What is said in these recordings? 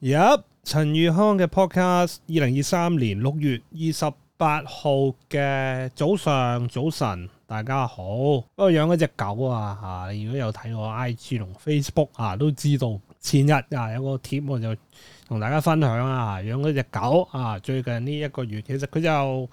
入陳宇康嘅 podcast，二零二三年六月二十八號嘅早上早晨，大家好。不過養一隻狗啊，吓，如果有睇我 IG 同 Facebook 啊，都知道前日啊有個貼我就同大家分享啊，養嗰隻狗啊，最近呢一個月其實佢就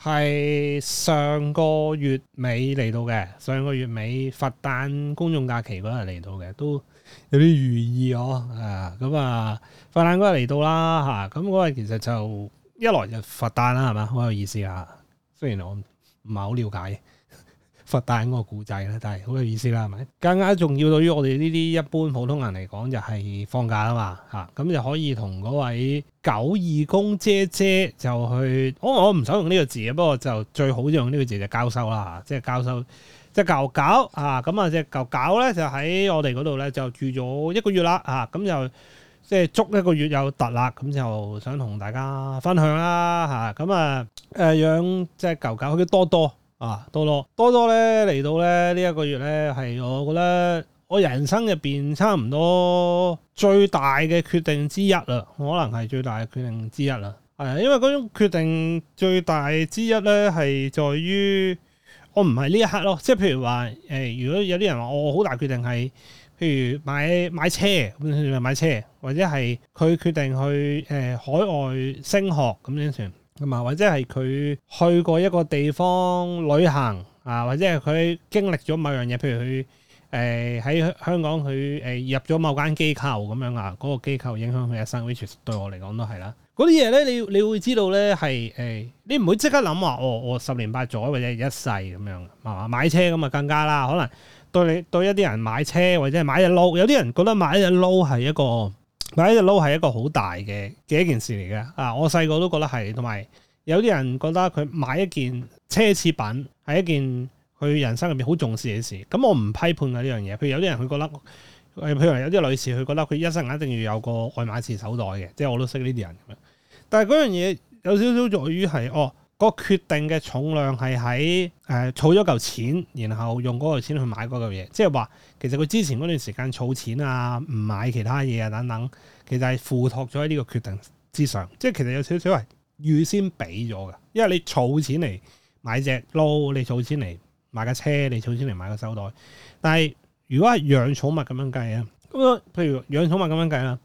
係上個月尾嚟到嘅，上個月尾佛誕公眾假期嗰日嚟到嘅，都有啲寓意哦。啊，咁啊，佛誕嗰日嚟到啦，吓，咁嗰日其實就一來就佛誕啦，係咪？好有意思啊！雖然我唔係好了解了 佛誕嗰個古仔咧，但係好有意思啦，係咪？更加重要，對於我哋呢啲一般普通人嚟講、啊啊啊，就係放假啊嘛，吓，咁就可以同嗰位九二公姐姐就去，啊、我我唔想用呢個字啊，不過就最好用呢個字就交收啦，吓，即係交收。隻狗、嗯、狗啊，咁啊隻狗狗咧就喺我哋嗰度咧就住咗一個月啦啊，咁、嗯、就即係足一個月有突啦，咁、嗯、就想同大家分享啦嚇，咁啊誒養隻狗狗叫多多啊，多多多多咧嚟到咧呢一個月咧係我覺得我人生入邊差唔多最大嘅決定之一啦，可能係最大嘅決定之一啦，係啊，因為嗰種決定最大之一咧係在於。我唔係呢一刻咯，即係譬如話，誒、呃、如果有啲人話、哦、我好大決定係，譬如買買車，買車，或者係佢決定去誒、呃、海外升學咁樣算，同埋或者係佢去過一個地方旅行啊，或者係佢經歷咗某樣嘢，譬如佢誒喺香港佢誒、呃、入咗某間機構咁樣啊，嗰、嗰個機構影響佢一生，其實對我嚟講都係啦。嗰啲嘢咧，你你會知道咧，係誒、哎，你唔會即刻諗話，哦，我、哦、十年八載或者一世咁樣，係嘛？買車咁啊，更加啦，可能對你對一啲人買車或者係買隻褸，有啲人覺得買隻褸係一個買隻褸係一個好大嘅嘅一件事嚟嘅啊！我細個都覺得係，同埋有啲人覺得佢買一件奢侈品係一件佢人生入面好重視嘅事。咁我唔批判嘅呢樣嘢，譬如有啲人佢覺得誒，譬如有啲女士佢覺得佢一生一定要有個愛馬仕手袋嘅，即係我都識呢啲人。但係嗰樣嘢有少少在於係，哦，個決定嘅重量係喺誒儲咗嚿錢，然後用嗰嚿錢去買嗰嚿嘢，即係話其實佢之前嗰段時間儲錢啊，唔買其他嘢啊等等，其實係附託咗喺呢個決定之上，即係其實有少少係預先俾咗嘅，因為你儲錢嚟買隻褸，你儲錢嚟買架車，你儲錢嚟買個手袋，但係如果係養寵物咁樣計啊，咁啊，譬如養寵物咁樣計啦，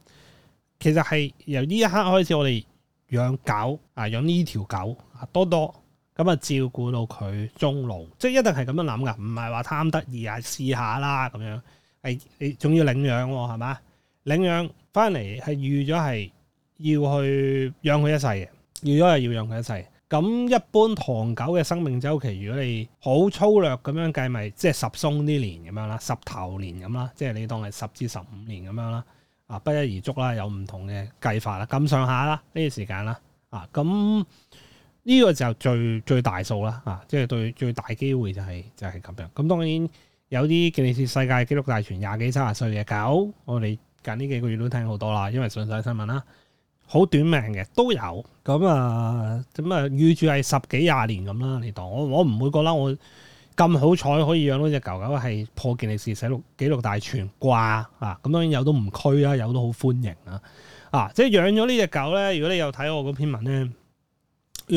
其實係由呢一刻開始我哋。養狗啊，養呢條狗，啊、多多咁啊，就照顧到佢終老，即係一定係咁樣諗噶，唔係話貪得意啊，試下啦咁樣，係你仲要領養喎，哦，係嘛？領養翻嚟係預咗係要去養佢一世嘅，預咗係要養佢一世。咁一般唐狗嘅生命週期，如果你好粗略咁樣計，咪即係十鬆啲年咁樣啦，十頭年咁啦，即係你當係十至十五年咁樣啦。啊，不一而足啦，有唔同嘅計法啦，咁上下啦，呢啲時間啦，啊，咁呢個就最最大數啦，啊，即係對最大機會就係就係咁樣。咁當然有啲健力士世界紀錄大全廿幾三十歲嘅狗，我哋近呢幾個月都聽好多啦，因為上曬新聞啦，好短命嘅都有，咁啊，咁啊預住係十幾廿年咁啦，你當我我唔會覺得我。咁好彩可以養到隻狗狗，係破健力士世界紀錄大全掛啊！咁當然有都唔拘啦，有都好歡迎啦啊，啊！即係養咗呢隻狗咧，如果你有睇我嗰篇文咧，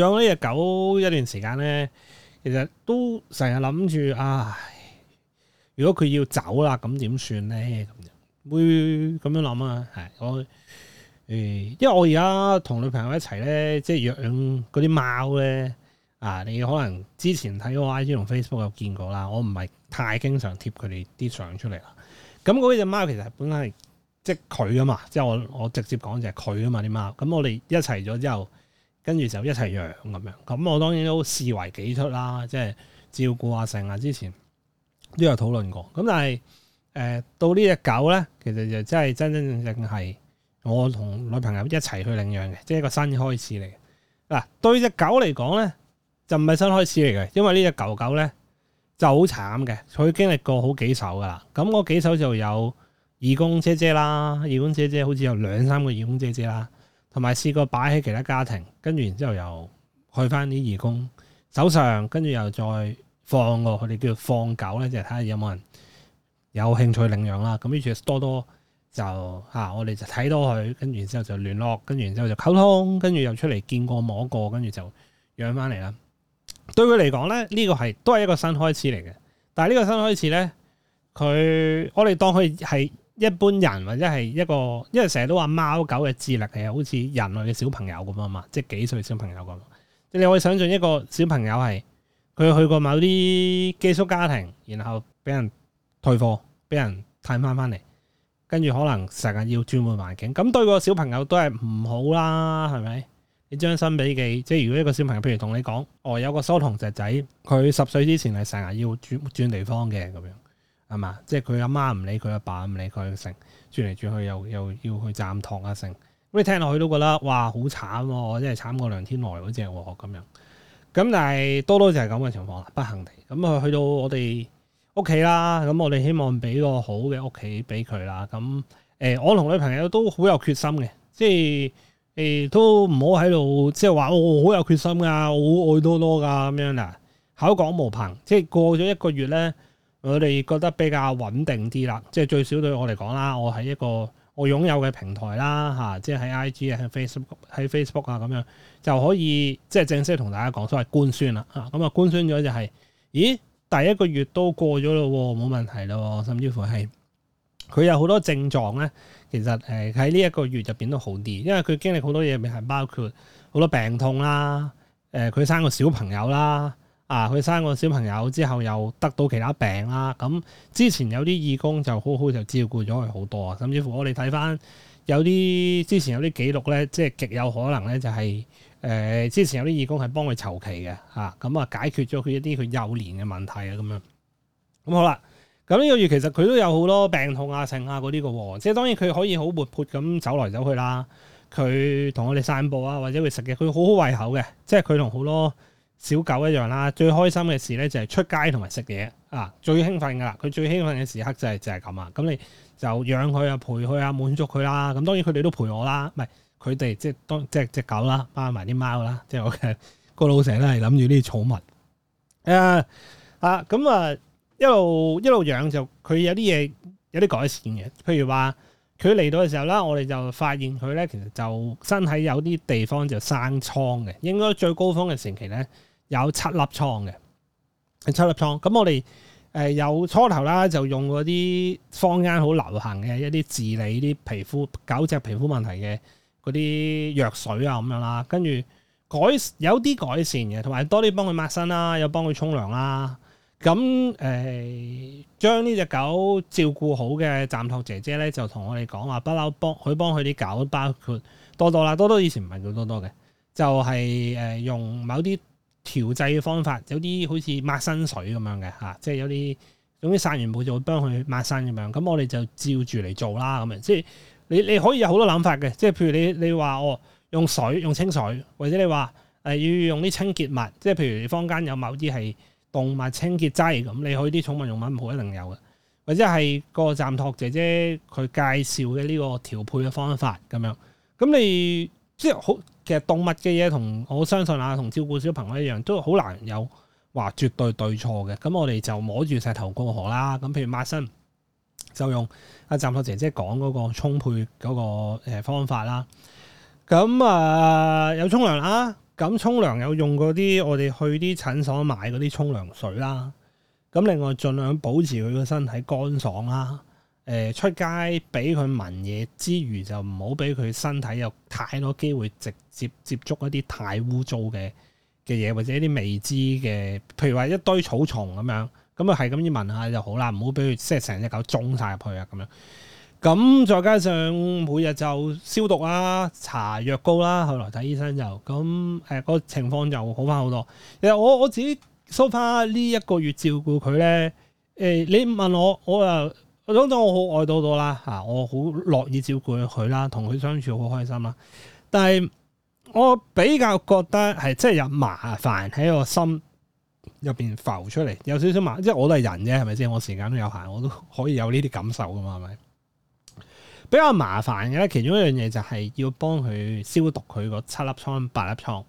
養咗呢隻狗一段時間咧，其實都成日諗住，唉，如果佢要走啦，咁點算咧？咁樣會咁樣諗啊？係我誒、嗯，因為我而家同女朋友一齊咧，即係養嗰啲貓咧。啊！你可能之前睇我 IG 同 Facebook 有見過啦，我唔係太經常貼佢哋啲相出嚟啦。咁嗰隻貓其實本身係即佢啊嘛，即係我我直接講就係佢啊嘛啲貓。咁我哋一齊咗之後，跟住就一齊養咁樣。咁我當然都視為己出啦，即係照顧阿成啊，之前都有討論過。咁但係誒、呃、到隻呢隻狗咧，其實就真係真真正正係我同女朋友一齊去領養嘅，即係一個新開始嚟。嗱、啊、對隻狗嚟講咧，就唔係新開始嚟嘅，因為呢隻狗狗咧就好慘嘅，佢經歷過好幾手噶啦。咁嗰幾手就有義工姐姐啦，義工姐姐好似有兩三個義工姐姐啦，同埋試過擺喺其他家庭，跟住然之後又去翻啲義工手上，跟住又再放落佢哋叫做放狗咧，就係睇下有冇人有興趣領養啦。咁跟住多多就嚇、啊、我哋就睇到佢，跟住然之後就聯絡，跟住然之後就溝通，跟住又出嚟見過摸過，跟住就養翻嚟啦。對佢嚟講咧，呢個係都係一個新開始嚟嘅。但係呢個新開始咧，佢我哋當佢係一般人或者係一個，因為成日都話貓狗嘅智力係好似人類嘅小朋友咁啊嘛，即係幾歲小朋友咁。即你可以想象一個小朋友係佢去過某啲寄宿家庭，然後俾人退貨，俾人帶翻翻嚟，跟住可能成日要轉換環境，咁對個小朋友都係唔好啦，係咪？你將心比己，即係如果一個小朋友，譬如同你講，哦，有個收糖只仔，佢十歲之前係成日要轉轉地方嘅，咁樣係嘛？即係佢阿媽唔理佢，阿爸唔理佢，成轉嚟轉去又，又又要去站堂啊，成咁你聽落去都覺得哇，好慘喎、哦！真係慘過梁天來嗰隻喎，咁樣。咁但係多多就係咁嘅情況啦，不幸地。咁佢去到我哋屋企啦，咁我哋希望俾個好嘅屋企俾佢啦。咁誒、欸，我同女朋友都好有決心嘅，即係。誒，都唔好喺度，即係話我好有決心噶，我好愛多多噶咁樣啦。口講無憑，即係過咗一個月咧，我哋覺得比較穩定啲啦。即係最少對我嚟講啦，我喺一個我擁有嘅平台啦，吓、啊，即係喺 I G 啊，喺 Facebook，喺 Facebook 啊咁樣就可以，即係正式同大家講，所謂官宣啦，吓、啊，咁、嗯、啊官宣咗就係、是，咦，第一個月都過咗咯，冇問題咯，甚至乎係。佢有好多症狀咧，其實誒喺呢一個月入邊都好啲，因為佢經歷好多嘢，係包括好多病痛啦。誒、呃，佢生個小朋友啦，啊，佢生個小朋友之後又得到其他病啦。咁、啊嗯、之前有啲義工就好好就照顧咗佢好多啊。甚至乎我哋睇翻有啲之前有啲記錄咧，即係極有可能咧就係、是、誒、呃、之前有啲義工係幫佢籌期嘅嚇，咁啊、嗯、解決咗佢一啲佢幼年嘅問題啊咁樣。咁、嗯、好啦。咁呢個月其實佢都有好多病痛啊、剩啊嗰啲嘅，即係當然佢可以好活潑咁走嚟走去啦。佢同我哋散步啊，或者會食嘢，佢好好胃口嘅。即係佢同好多小狗一樣啦。Time，最開心嘅事咧就係出街同埋食嘢啊！最興奮噶啦，佢最興奮嘅時刻就係就係咁啊！咁你就養佢啊、陪佢啊、滿足佢啦。咁當然佢哋都陪我啦，唔係佢哋即係當即係隻狗啦，包埋啲貓啦，即係我嘅個腦成日都係諗住呢啲寵物。誒啊 c Ciao！咁啊～一路一路養就，佢有啲嘢有啲改善嘅。譬如話佢嚟到嘅時候啦，我哋就發現佢咧，其實就身體有啲地方就生瘡嘅。應該最高峰嘅時期咧，有七粒瘡嘅，七粒瘡。咁我哋誒由初頭啦，就用嗰啲坊間好流行嘅一啲治理啲皮膚、搞只皮膚問題嘅嗰啲藥水啊咁樣啦，跟住改有啲改善嘅，同埋多啲幫佢抹身啦，有幫佢沖涼啦。咁誒、呃，將呢隻狗照顧好嘅暫託姐姐咧，就同我哋講話，不嬲幫佢幫佢啲狗，包括多多啦，多多以前唔係叫多多嘅，就係、是、誒用某啲調製嘅方法，有啲好似抹身水咁樣嘅嚇、啊，即係有啲總之散完步就會幫佢抹身咁樣。咁我哋就照住嚟做啦，咁樣即係你你可以有好多諗法嘅，即係譬如你你話哦，用水用清水，或者你話誒、呃、要用啲清潔物，即係譬如你坊間有某啲係。動物清潔劑，咁你可以啲寵物用品唔一定有嘅，或者係個暫托姐姐佢介紹嘅呢個調配嘅方法咁樣。咁你即係好，其實動物嘅嘢同我相信啊，同照顧小朋友一樣，都好難有話絕對對錯嘅。咁我哋就摸住石頭過河啦。咁譬如抹身，就用阿、啊、暫托姐姐講嗰個沖配嗰個方法啦。咁、呃、啊，有沖涼啦～咁沖涼有用嗰啲，我哋去啲診所買嗰啲沖涼水啦。咁另外盡量保持佢個身體乾爽啦。誒、呃、出街俾佢聞嘢之餘，就唔好俾佢身體有太多機會直接接觸一啲太污糟嘅嘅嘢，或者一啲未知嘅，譬如話一堆草叢咁樣，咁啊係咁要聞下就好啦，唔好俾佢即係成隻狗中晒入去啊咁樣。咁再加上每日就消毒啦、搽藥膏啦，後來睇醫生就咁誒個情況就好翻好多。其實我我自己收翻呢一個月照顧佢咧，誒、呃、你問我，我又講咗我好愛到到啦嚇，我好樂意照顧佢啦，同佢相處好開心啦。但係我比較覺得係真係有麻煩喺個心入邊浮出嚟，有少少麻煩。即係我都係人啫，係咪先？我時間都有限，我都可以有呢啲感受噶嘛，係咪？比較麻煩嘅咧，其中一樣嘢就係要幫佢消毒佢個七粒瘡八粒瘡。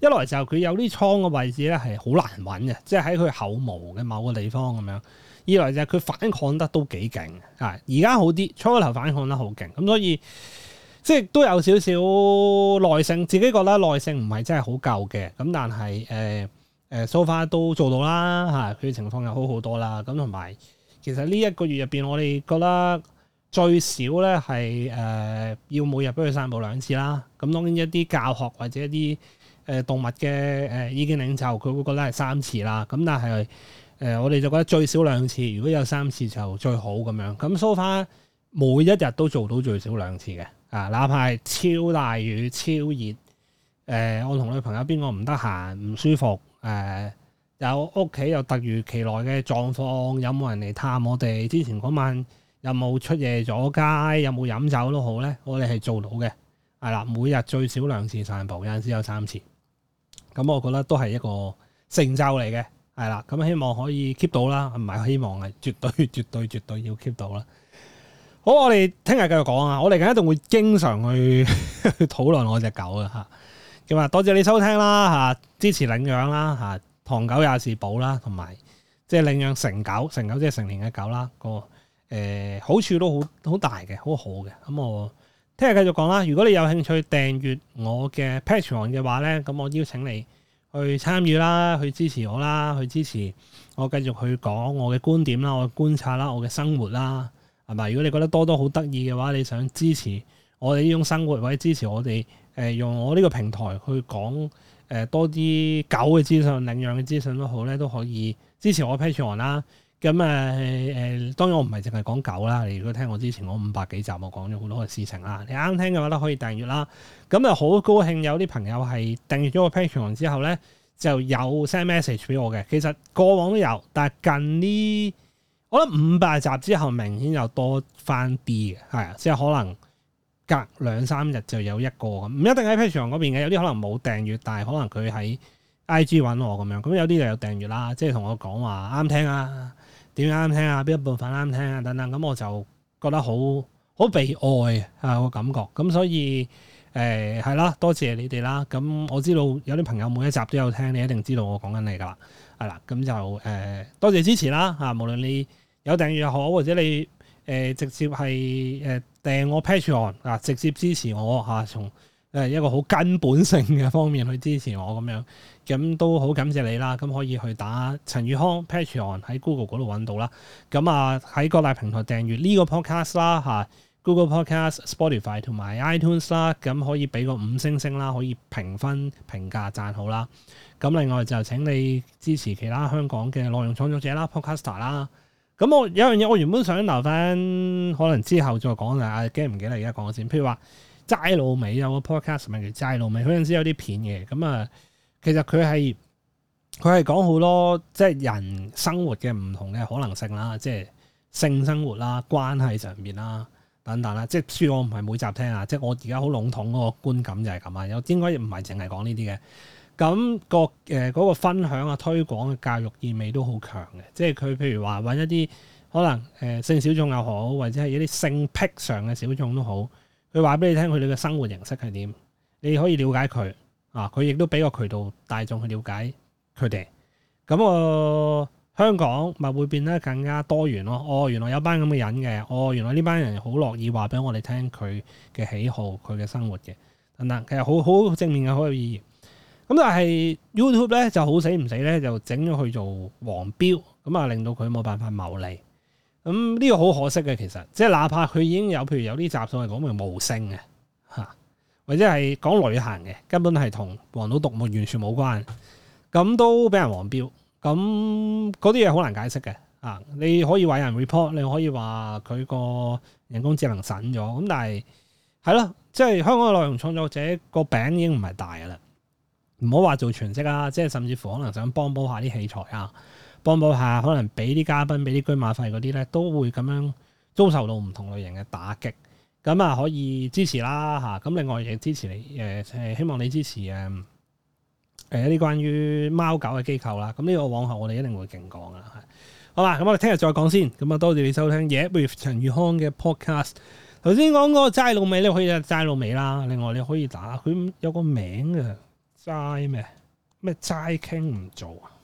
一來就佢有啲瘡嘅位置咧係好難揾嘅，即係喺佢口毛嘅某個地方咁樣。二來就佢反抗得都幾勁。啊，而家好啲，初頭反抗得好勁，咁所以即係都有少少耐性。自己覺得耐性唔係真係好夠嘅。咁但係誒誒，so far 都做到啦，嚇佢情況又好好多啦。咁同埋其實呢一個月入邊，我哋覺得。最少咧係誒要每日俾佢散步兩次啦。咁當然一啲教學或者一啲誒動物嘅誒意見領袖，佢會覺得係三次啦。咁但係誒、呃、我哋就覺得最少兩次，如果有三次就最好咁樣。咁 so far 每一日都做到最少兩次嘅啊，哪怕係超大雨、超熱。誒、呃，我同女朋友邊個唔得閒、唔舒服？誒、呃，有屋企又突如其來嘅狀況，有冇人嚟探我哋？之前嗰晚。有冇出夜咗街？有冇飲酒都好咧？我哋係做到嘅，係啦。每日最少兩次散步，有陣時有三次。咁我覺得都係一個成就嚟嘅，係啦。咁、嗯、希望可以 keep 到啦，唔係希望係絕，絕對、絕對、絕對要 keep 到啦。好，我哋聽日繼續講啊！我哋梗一定會經常去 討論我隻狗嘅吓。咁啊，多謝你收聽啦吓，支持領養啦吓，唐狗也是寶啦，同埋即係領養成狗，成狗即係成年嘅狗啦個。誒、呃、好處都好好大嘅，好好嘅。咁我聽日繼續講啦。如果你有興趣訂閱我嘅 Patreon 嘅話咧，咁我邀請你去參與啦，去支持我啦，去支持我繼續去講我嘅觀點啦，我嘅觀察啦，我嘅生活啦，係咪？如果你覺得多多好得意嘅話，你想支持我哋呢種生活，或者支持我哋誒、呃、用我呢個平台去講誒、呃、多啲狗嘅資訊、領養嘅資訊都好咧，都可以支持我 Patreon 啦。咁誒誒，當然我唔係淨係講狗啦。你如果聽我之前講五百幾集，我講咗好多嘅事情啦。你啱聽嘅話咧，可以訂閲啦。咁、嗯、啊，好高興有啲朋友係訂閲咗個 Patreon 之後咧，就有 send message 俾我嘅。其實過往都有，但係近呢，我覺得五百集之後明顯又多翻啲嘅，係即係可能隔兩三日就有一個咁，唔一定喺 Patreon 嗰邊嘅，有啲可能冇訂閲，但係可能佢喺 IG 揾我咁樣。咁有啲就有訂閲啦，即係同我講話啱聽啊！點啱聽啊？邊一部分啱聽啊？等等，咁我就覺得好好被愛啊個感覺，咁所以誒係、呃、啦，多謝你哋啦。咁我知道有啲朋友每一集都有聽，你一定知道我講緊你噶啦，係啦。咁就誒多謝支持啦，嚇無論你有訂閱又好，或者你誒直接係誒訂我 Patreon 啊，直接支持我嚇、啊、從。係一個好根本性嘅方面去支持我咁樣，咁都好感謝你啦。咁可以去打陳宇康 p a t r on 喺 Google 嗰度揾到啦。咁啊喺各大平台訂閱呢個 podcast 啦，嚇、啊、Google podcast、Spotify 同埋 iTunes 啦，咁可以俾個五星星啦，可以評分評價贊好啦。咁另外就請你支持其他香港嘅內容創造者啦，podcaster 啦。咁我有樣嘢，我原本想留翻，可能之後再講啦。阿 g 唔記得而家講先，譬如話。齋老美有個 podcast 咪叫齋老美，嗰陣時有啲片嘅，咁、嗯、啊，其實佢係佢係講好多即係人生活嘅唔同嘅可能性啦，即係性生活啦、關係上面啦等等啦。即係恕我唔係每集聽啊，即係我而家好籠統個觀感就係咁啊。有應該唔係淨係講呢啲嘅，咁個誒個分享啊、推廣啊、教育意味都好強嘅。即係佢譬如話搵一啲可能誒性小眾又好，或者係一啲性癖上嘅小眾都好。佢話俾你聽佢哋嘅生活形式係點，你可以了解佢啊，佢亦都俾個渠道大眾去了解佢哋。咁、嗯、我、呃、香港咪會變得更加多元咯。哦，原來有班咁嘅人嘅，哦，原來呢班人好樂意話俾我哋聽佢嘅喜好、佢嘅生活嘅，等、嗯、等、嗯。其實好好正面嘅，好有意義。咁、嗯、但係 YouTube 咧就好死唔死咧，就整咗去做黃標，咁、嗯、啊令到佢冇辦法牟利。咁呢、嗯這個好可惜嘅，其實即係哪怕佢已經有，譬如有啲集數係講明無聲嘅，嚇、啊、或者係講旅行嘅，根本係同黃島獨木完全冇關，咁、嗯、都俾人黃標，咁嗰啲嘢好難解釋嘅，啊你可以話有人 report，你可以話佢個人工智能省咗，咁、嗯、但係係咯，即係香港嘅內容創作者個餅已經唔係大嘅啦，唔好話做全職啊，即係甚至乎可能想幫補下啲器材啊。幫補下，可能俾啲嘉賓、俾啲車馬費嗰啲咧，都會咁樣遭受到唔同類型嘅打擊。咁啊，可以支持啦嚇。咁另外亦支持你，誒、呃、希望你支持誒誒一啲關於貓狗嘅機構啦。咁呢個往後我哋一定會勁講啊。好啦，咁我哋聽日再講先。咁啊，多謝你收聽野、yeah、with 陳宇康嘅 podcast。頭先講嗰個齋滷味你可以齋滷味啦。另外你可以打佢有個名嘅、啊、齋咩咩齋傾唔做啊。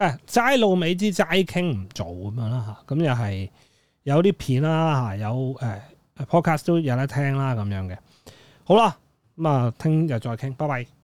誒齋，露尾之齋傾唔做咁樣啦嚇，咁又係有啲片啦嚇，有誒、哎、podcast 都有得聽啦咁樣嘅，好啦，咁啊聽日再傾，拜拜。